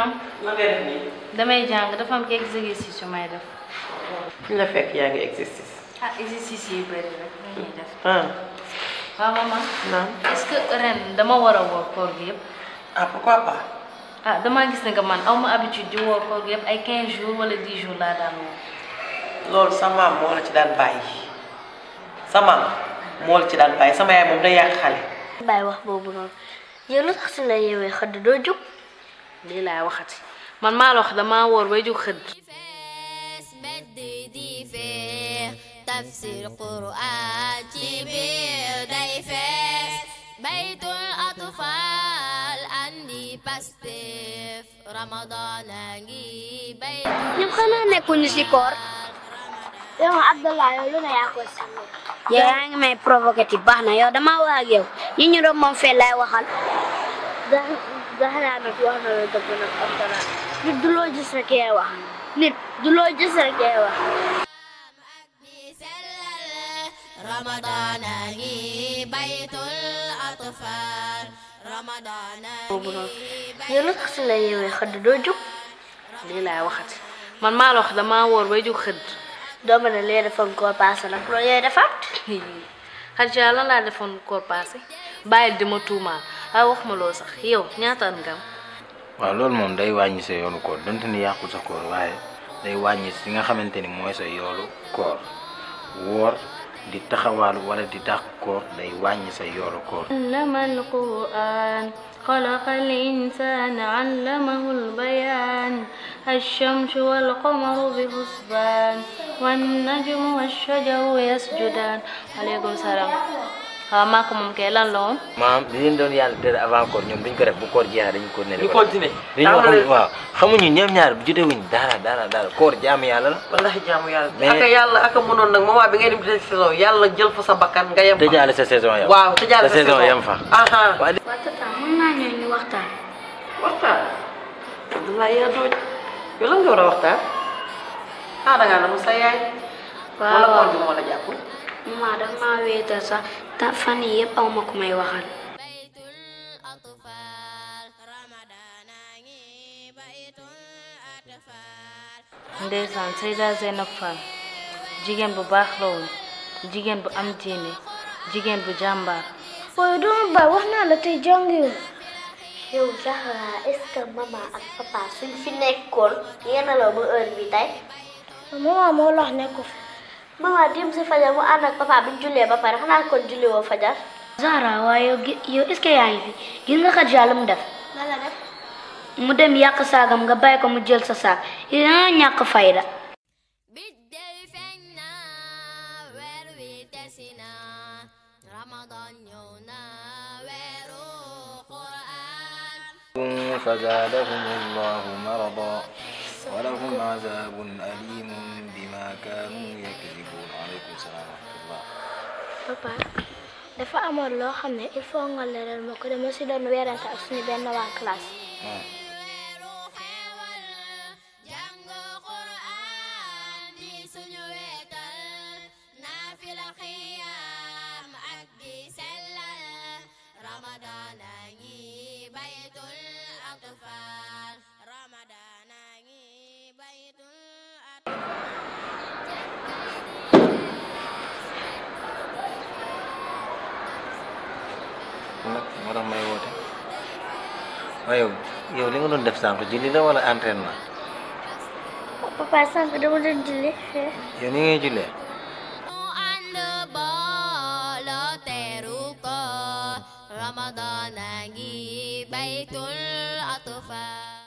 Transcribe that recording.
imam ma ngay def nii damay jàng dafa am exercice yu may def fi la fekk yaa ngi exercice ah exercice yi bëri ah. rek ñu ñuy def waaw maman naam est que ren dama war a woor koor gi yëpp ah pourquoi pas ah damaa gis ne nga man aw ma habitude di woor gi yëpp ay 15 jours wala 10 jours laa daan woor loolu sa maam moo la ci daan bàyyi sa moo la ci daan bàyyi sama yaay moom day yàq xale bàyyi wax boobu noonu yow lu tax su la yeewee xëdd doo jóg lii laay waxati man maa la wax damaa woor bay jóg xëdd tafsir quraan ci biir day fees baytul atfal andi Pastef ramadan a ngi bay ñoom xanaa nekkuñu ci koor yow Abdallah yow lu ne yaa ko sànni yow yaa ngi may provoqué baax na yow dama wax ak yow ñi ñu doon moom fee laay waxal zahraanat wax na la dëgg nag am dara nit du loo gis rek yaay wax nit du loo gis rek yaay a ngi baytul atfaal ramadaan a ngi yow nag si la yeewee xëdd laay waxati man maa la wax damaa wóor bay jóg xëdd doo mën lee defoon koor paase nag loolu yooyu defaat xaj lan laa defoon koor paase bàyyil di ma tuumaal ah wax ma loo moom day wàññi sa yoonu koor donte ni yàqul sa koor waaye day wàññi si nga xamante ni mooy sa yoolu koor woor di taxawaalu wala di dàq koor day wàññi sa yoolu koor. allamal quraan xalaqal insaana allamahul bayaan ash-shamsu wal qamaru bi husbaan wan najmu wash shajaru yasjudaan. maaleykum salaam. waaw maa ko moom kay lan la woon. maam li leen doon yàlla tëdd avant koor ñoom duñ ko def bu koor jeexee dañu ko. ñu continué dañu waaw xamuñu ñoom ñaar bu jotee wuñ dara dara dara koor jaamu yàlla la. wallaahi jaamu yàlla. mais aka yàlla aka mënoon nag moment bi ngay dem ci saison yàlla jël fa sa bakkan nga yem fa. tëjaale sa saison yow. waaw tëjaale sa saison yem fa. waaw tata mën naa ñëw ñu waxtaan. waxtaan. Abdoulaye yaa doon yow lan nga war a waxtaan. ah da ngaa ne mu sa yaay. waaw wala koor bi moo la jàppul ma danga maa wéetal sax te fan yi yëpp aw ma ku may waxal ndeysaan Seyda Zeynab Fall jigéen bu baax la jigéen bu am diine jigéen bu jàmbaar waaye doomu ba wax naa la tey jàngiwul yow Zahra est-ce que maman ak suñ fi nekkoon yenn la ba heure bi tey maman moo lax nekku mama démb si fajar mu ànd ak papa bi ñu jullee ba pare xanaa kon julli woo fajar. Zahra waaye yow yow est-ce que yaa ngi fi gis nga Xadija lu mu def. lan la def. mu dem yàq saagam nga bàyyi ko mu jël sa saag yéen ñàkk fayda. فزادهم الله مرضا ولهم عذاب أليم بما كانوا يكذبون عليكم السلام ورحمة الله papa dafa amoon loo xam ne il faut nga leeral ma ko dama si doon weerante ak suñu benn waa classe hmm. Ramadan a ngi baytul atfal Ah, waaye yow li nga doon def sànq julli la wala entraînement. papa sànq dama doon julli. yow ni ngay jullee. Ramadan a ngi baytul atfal